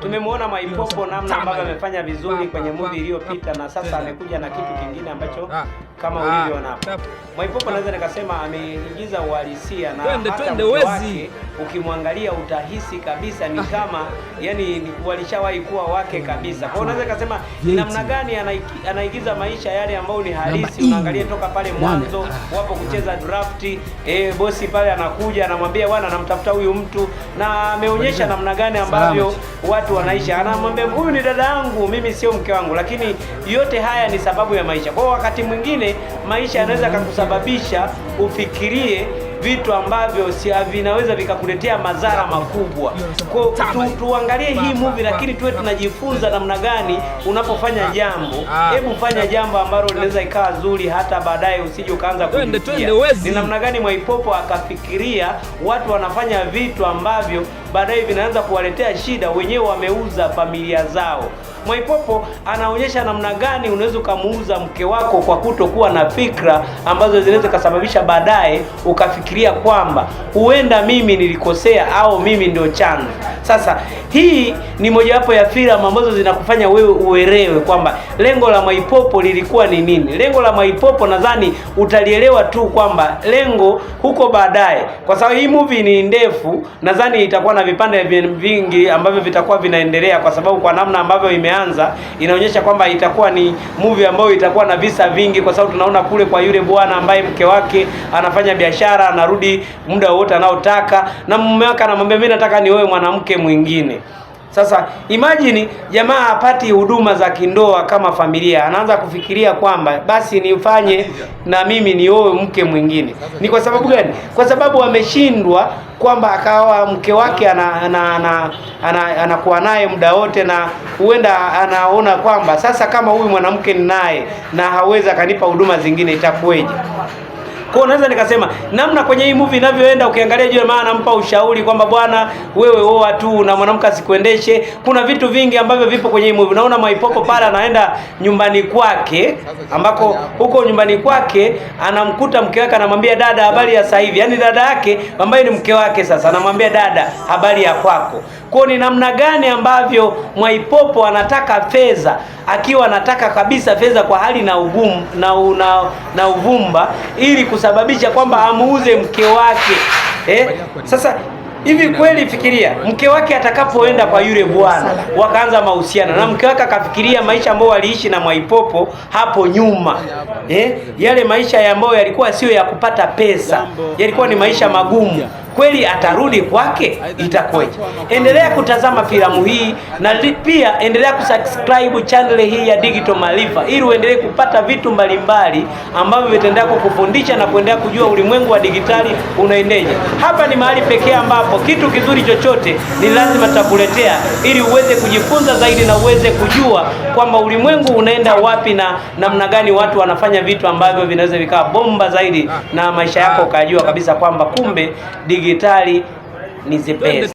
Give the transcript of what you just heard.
Tumemwona Maipopo namna ambavyo amefanya vizuri kwenye movie iliyopita, na sasa amekuja na kitu kingine ambacho ah, kama ah, ulivyoona Mwaipopo, naweza nikasema ameingiza uhalisia na twende, hata twende, wake ukimwangalia utahisi kabisa ni ah. kama yani walishawahi kuwa wake kabisa. Kwa hiyo naweza nikasema namna gani anaigiza maisha yale ambayo ni halisi. Unaangalia toka pale mwanzo ah. wapo kucheza drafti, eh, bosi pale anakuja anamwambia bwana, namtafuta huyu mtu, na ameonyesha namna gani ambavyo watu wanaisha. Anamwambia huyu ni dada yangu, mimi sio mke wangu, lakini yote haya ni sababu ya maisha. Kwa wakati mwingine maisha yanaweza kakusababisha ufikirie vitu ambavyo si vinaweza vikakuletea madhara makubwa. Kwa tu, tuangalie hii movie, lakini tuwe tunajifunza namna gani unapofanya ah, jambo. Ah. Hebu fanya jambo ambalo linaweza ikawa zuri, hata baadaye usije ukaanza kujutia ni namna gani Mwaipopo akafikiria watu wanafanya vitu ambavyo baadaye vinaanza kuwaletea shida, wenyewe wameuza familia zao. Mwaipopo anaonyesha namna gani unaweza ukamuuza mke wako kwa kutokuwa na fikra ambazo zinaweza kusababisha baadaye ukafikiria kwamba huenda mimi nilikosea au mimi ndio chanzo. Sasa hii ni mojawapo ya filamu ambazo zinakufanya wewe uelewe kwamba lengo la Mwaipopo lilikuwa ni nini. Lengo la Mwaipopo nadhani utalielewa tu kwamba lengo huko baadaye, kwa sababu hii movie ni ndefu, nadhani itakuwa na vipande vingi ambavyo vitakuwa vinaendelea, kwa sababu kwa namna ambavyo imeanza inaonyesha kwamba itakuwa ni movie ambayo itakuwa na visa vingi, kwa sababu tunaona kule kwa yule bwana ambaye mke wake anafanya biashara, anarudi muda wowote anaotaka, na mume wake anamwambia mimi nataka nioe mwanamke mke mwingine. Sasa imagine jamaa apati huduma za kindoa kama familia, anaanza kufikiria kwamba basi nifanye na mimi nioe mke mwingine. Ni kwa sababu gani? Kwa sababu ameshindwa kwamba akawa mke wake anakuwa ana, ana, ana, ana naye muda wote, na huenda anaona kwamba sasa kama huyu mwanamke ninaye na hawezi akanipa huduma zingine itakuweje? Kwa naweza nikasema namna kwenye hii movie inavyoenda, ukiangalia juu, maana anampa ushauri kwamba bwana, wewe oa tu na mwanamke asikuendeshe. Kuna vitu vingi ambavyo vipo kwenye hii movie. Naona Mwaipopo pale anaenda nyumbani kwake, ambako huko nyumbani kwake anamkuta mke wake, anamwambia dada, habari ya sasa hivi. Yaani dada yake ambaye ni mke wake sasa anamwambia dada, habari ya kwako. Kwa ni namna gani ambavyo Mwaipopo anataka fedha akiwa anataka kabisa fedha kwa hali na ugumu na, na, na uvumba ili kus kusababisha kwamba amuuze mke wake eh? Sasa hivi kweli, fikiria mke wake atakapoenda kwa yule bwana, wakaanza mahusiano na mke wake akafikiria maisha ambayo waliishi na Mwaipopo hapo nyuma eh? Yale maisha ambayo yalikuwa sio ya kupata pesa, yalikuwa ni maisha magumu kweli atarudi kwake, itakuwaje? Endelea kutazama filamu hii na pia endelea kusubscribe channel hii ya Digital Maarifa ili uendelee kupata vitu mbalimbali ambavyo vitaendelea kukufundisha na kuendelea kujua ulimwengu wa digitali unaendeje. Hapa ni mahali pekee ambapo kitu kizuri chochote ni lazima takuletea ili uweze kujifunza zaidi na uweze kujua kwamba ulimwengu unaenda wapi na namna gani watu wanafanya vitu ambavyo vinaweza vikawa bomba zaidi na maisha yako ukajua kabisa kwamba kumbe digitali ni the